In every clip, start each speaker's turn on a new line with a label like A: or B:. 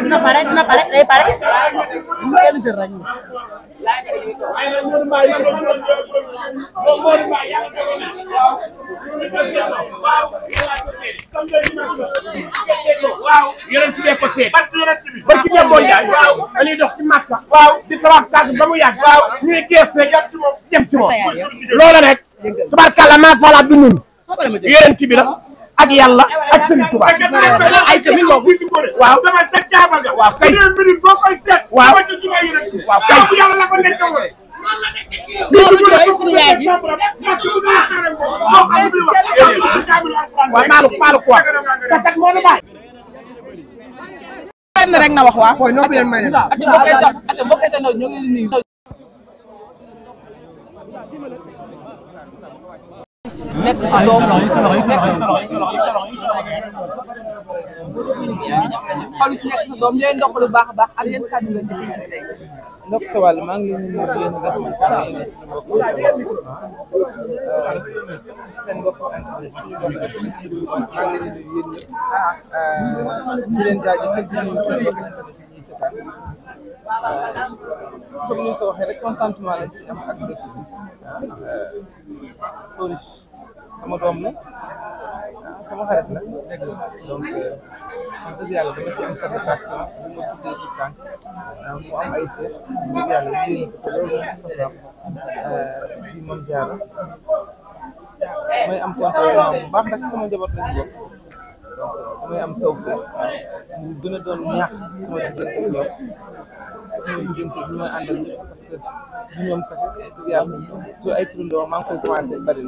A: dina pare dina pare day pare mu kenn jël rek ñu.
B: waaw yéen tuddee ko seet. ba ki dox ci Makka. di ba mu yàgg. ñu ne gees rek jëm ci moom. loola rek. tubaarkàlla macha allah bi ñun. yéen bi la. ak yàlla ak Serigne Touba. ay sa mi ngoog waaw waaw
A: maalu maalu quoi.
B: na wax nekk ci doom Pawlish nekk sa doom leen dox lu baax a baax ak leen kàddu nga def ndok sa wàll maa ngi leen di nuyu nga xam euh, seen bopp suñu bopp maa ngi leen di nuyu di
A: leen jaajëfal di nuyu seen bopp euh, comme ni ko
B: waxee rek contentement lañ si am ak dëkk ah, euh, Pawlish sama doom la ah, sama xarit la donc euh, wax dëgg yàlla dama ci am satisfaction bu ma tuddee tout temps mu am ay seex dëgg yàlla yéen ko loolu
A: moom ah, di moom jaara may am contentement sama njaboot lañu bokk donc am taw fii mu gën a doon ñaax sama diggante ak ñoom ci sama diggante ñu may àndal
B: parce que du ñoom kese dëgg yàlla ay turandoo maa ngi koy commencé bari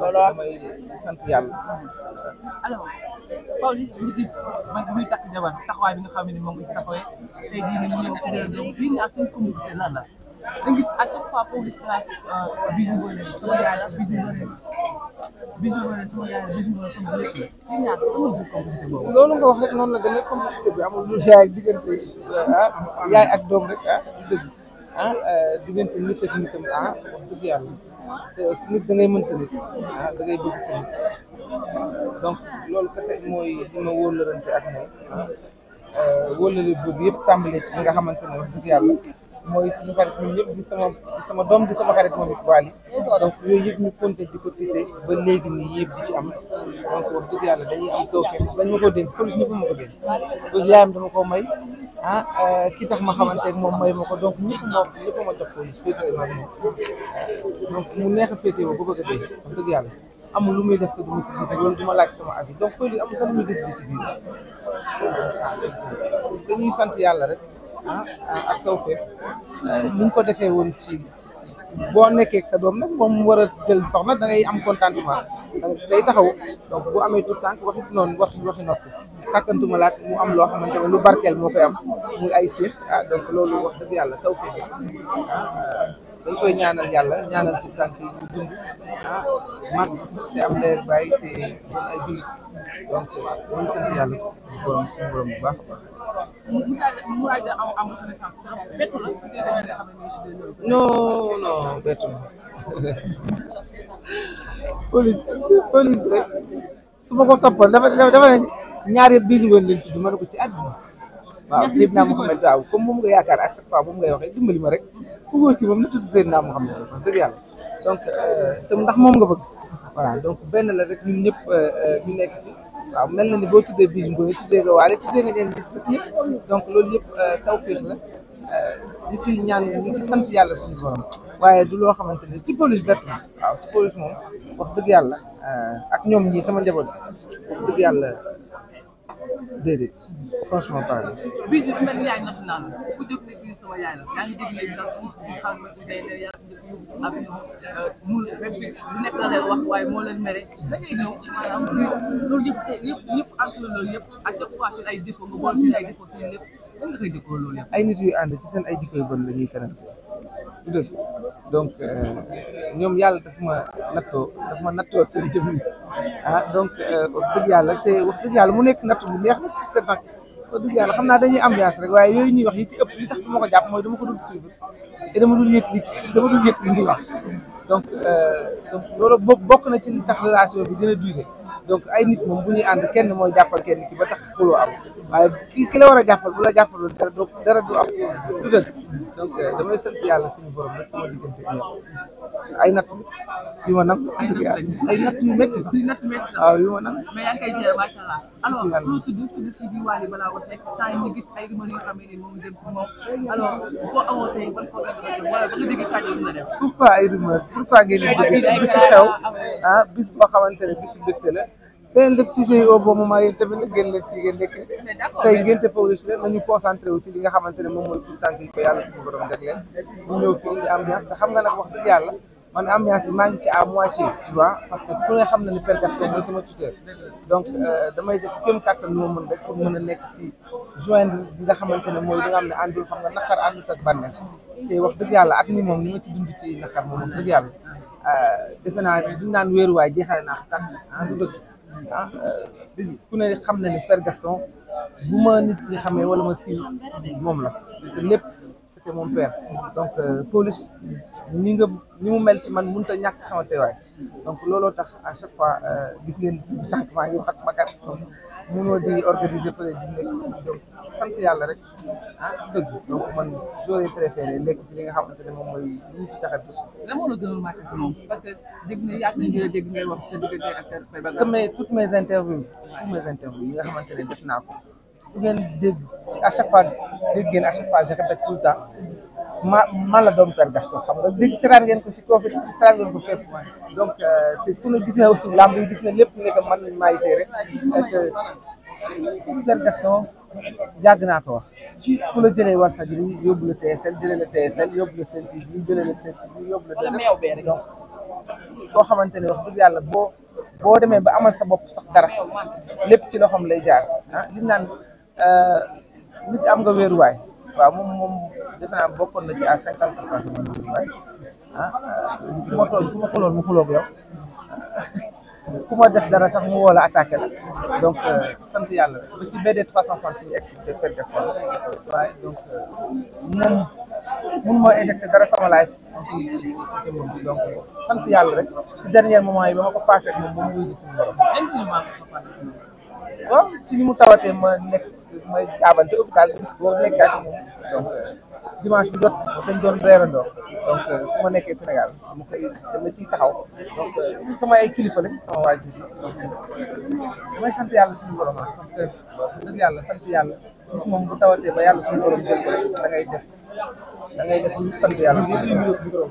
B: looloo may sant yàlla. alors Pawlish ñu gis man bi muy takk jabar taxawaay bi nga xam ne moom nga ci taxawee tey jii nañu leen a indil lii nga seen complicité lan la da gis à chaque fois Pawlish euh, place Bijou Ngoné sama yaay la Bijou Ngoné Bijou Ngoné sama yaay la Bijou Ngoné sama lépp la lii ñaar amul bu complicité boobu. loolu nga wax rek noonu la demee complicité bi amul lu yaay diggante ah yaay ak doom rek ah di dëgg ah euh, diggante nit ak nitam ah wax dëgg yàlla. nit da ngay mën sa nit ah, da ngay bëgg sa nit donc loolu kese mooy li ma wóolarante ak moom ah, wóolale boobu yëpp tàmbalee ci li nga xamante ne yàlla mooy suñu xarit ñun ñëpp di sama sama doom di sama xarit moom it waali donc yooyu yëpp ñu compté di ko tissé ba léegi nii yëpp di ci am donc wax yàlla dañuy am tawfeex dañ ma ko dénk police ñëpp ma ko dénk ko yaayam dama koo may ah eh, ki tax ma xamante ak moom may ma ko donc ñëpp ma ñëpp ma jox police féetewoo ma moom donc mu neex a féetewoo ba bëgg a dee wax dëgg yàlla amul lu muy def te du ma ci gis loolu du ma laaj sama avis donc police amul sax lu muy décidé ci sant yàlla rek ah ak tawfeex eh, ko defee woon ci boo nekkee ak sa doom nag moom mu war a jël soxna da ngay am contentement. tey taxaw donc bu amee tout tànk waxit noonu wax waxi noppi sàkkantuma laat mu am loo xamante ne lu barkeel moo koy am muy ay siix ah donc loolu wax dëgg yàlla taw fi ah, dañ koy ñaanal yàlla ñaanal tout tànk yi ñu dund ah te am leer bàyyi te ay jullit donc dañuy sant yàlla suñu borom suñu borom bu baax non non bettu ma police police rek su ma ko toppal dafa dafa ne ñaari biir yoon lañ tudd ma ne ko ci àddina waaw Seydina Mouhamed waaw comme moom nga yaakaar à chaque fois moom ngay waxee dimbali ma rek ku góor ki moom na tudd Seydina Mouhamed wax dëgg yàlla donc tam ndax moom nga bëgg voilà donc benn la rek ñun ñëpp ñu nekk ci waaw mel na ni boo tuddee Bijou Ngoné tuddee nga Wally tuddee nga ñeen gis gis ñëpp donc loolu yëpp euh, tawféex la euh, ñu ci ñaan ñu ci sant yàlla suñu borom waaye du loo xamante ni ci police bett waaw ci police moom wax dëgg yàlla euh, ak ñoom ñii sama njaboot wax dëgg yàlla déedéet franchement yóbbu euh, si avion mun même lu nekk la leen wax waaye ay nit yu ànd ci seen ay jikko yu bon la ñuy karante dëgg donc euh, ñoom yàlla dafa ma nattoo dafa ma nattoo seen jëm yi ah donc euh, wax yàlla te wax dëgg yàlla mu nekk natt bu neex na parce que nag. wax dëgg yàlla xam naa dañuy ambiance rek waaye yooyu ñuy wax yi ci ëpp li tax du ma ko jàpp mooy dama ko dul suivre te dama dul yëg li ci dama dul yëg li ñuy wax donc euh, donc loolu bokk na ci li tax relation bi gën a durer donc ay nit moom bu ñuy ànd kenn mooy jàppal kenn ki ba tax xuloo am waaye ki ki la war a jàppal bu la jàppalul dara du dara du am du dëgg donc damay sant yàlla suñu borom nag sama diggante ak ay natt yu ma nag ay natt yu métti sax waaw yu ma nag mais yaa ngi koy gérer macha allah alors soo tudd tudd ci di Wally balaa ko teg saa yi ñu gis ay rumeur yoo xam ne moom dem ci moom alors boo amoo tey ban problème wala ba nga dégg kàddu na def pourquoi ay rumeur pourquoi ngeen di dégg ci bisu xew ah bis boo xamante ne bisu bégte la danañ def sujet yi au bon moment yéen tamit nag génn leen si ngeen nekk si nga xamante ne moom mooy tout tànk yi ko yàlla nga nag yàlla man ambiance bi maa ngi ci à moitié tu que ku ne xam na ni Père Gaston mooy sama tuteur donc euh, damay def kéem kàttan lu ma nekk si joindre bi nga xamante ne mooy li nga xam ne àndul xam nga naqar àndut ak bànneex te wax dëgg yàlla ak ni moom li ma ci dund ci naqar moom wax dëgg yàlla euh, defe naa duñ naan wéeruwaay jeexale naa xam tànn ah, ah euh, bis ku ne xam na ni Père Gaston bu ma nit yi xamee wala ma siiw moom la te lépp c'était mon père donc euh, Pawlish ni nga ni mu mel ci man mënut a ñàkk sama teewaay donc looloo tax à chaque fois euh, gis ngeen sànq maa ngi wax ak Maguette mënoo di organiser fële di nekk si donc sant yàlla rek ah dëgg donc man j'aurais préféré nekk ci li nga xamante ne moom mooy li ñu fi tax a jóg. lan moo la gënoon marqué si moom parce que dégg mes interviews. toutes mes interviews nga xamante ne def naa ko su ngeen dégg à chaque fois dégg ngeen à chaque fois je répète ma man la doom Père Gaston xam nga dégg seetaan ngeen ko si koo fi seetaan ngeen donc euh, te ku ne gis na aussi làmb gis na lépp nekk man nañ maa yitee rek ak Père Gaston yàgg naa ko wax ku la jëlee Walfadjri yóbbu la TSL jëlee la TSL yóbbu la Sen TV jëlee la Sen TV yóbbu la donc koo xamante ne wax dëgg yàlla boo boo demee ba amal sa bopp sax dara lépp ci loxoom lay jaar ah li naan euh, nit am nga wéeruwaay waaw moom moom defe bokkoon na ci à cinquante pour cent sama njëriñ waay ah ku ku ma xuloon ku ma def dara sax mu woo la attaqué la donc euh, sant yàlla ba ci BD 360 fi ñu mun ma éjecté dara sama life sant yàlla rek ci dernier moment yi ba ma ko passé ak ba mu wuyu suñu borom waaw ci ni mu tawatee ma nekk mooy jaabante hôpital bis boobu nekkee ak moom donc euh, dimanche bi jot dañ doon reerandoo donc euh, su ma nekkee Sénégal dama koy dama ciy taxaw donc euh, sama ay kilifa lañ sama waajur donc damay sant yàlla suñu borom parce que dëgg yàlla sant yàlla nit moom bu tawal tawatee ba yàlla suñu borom jël ko ngay def da ngay def sant yàlla suñu borom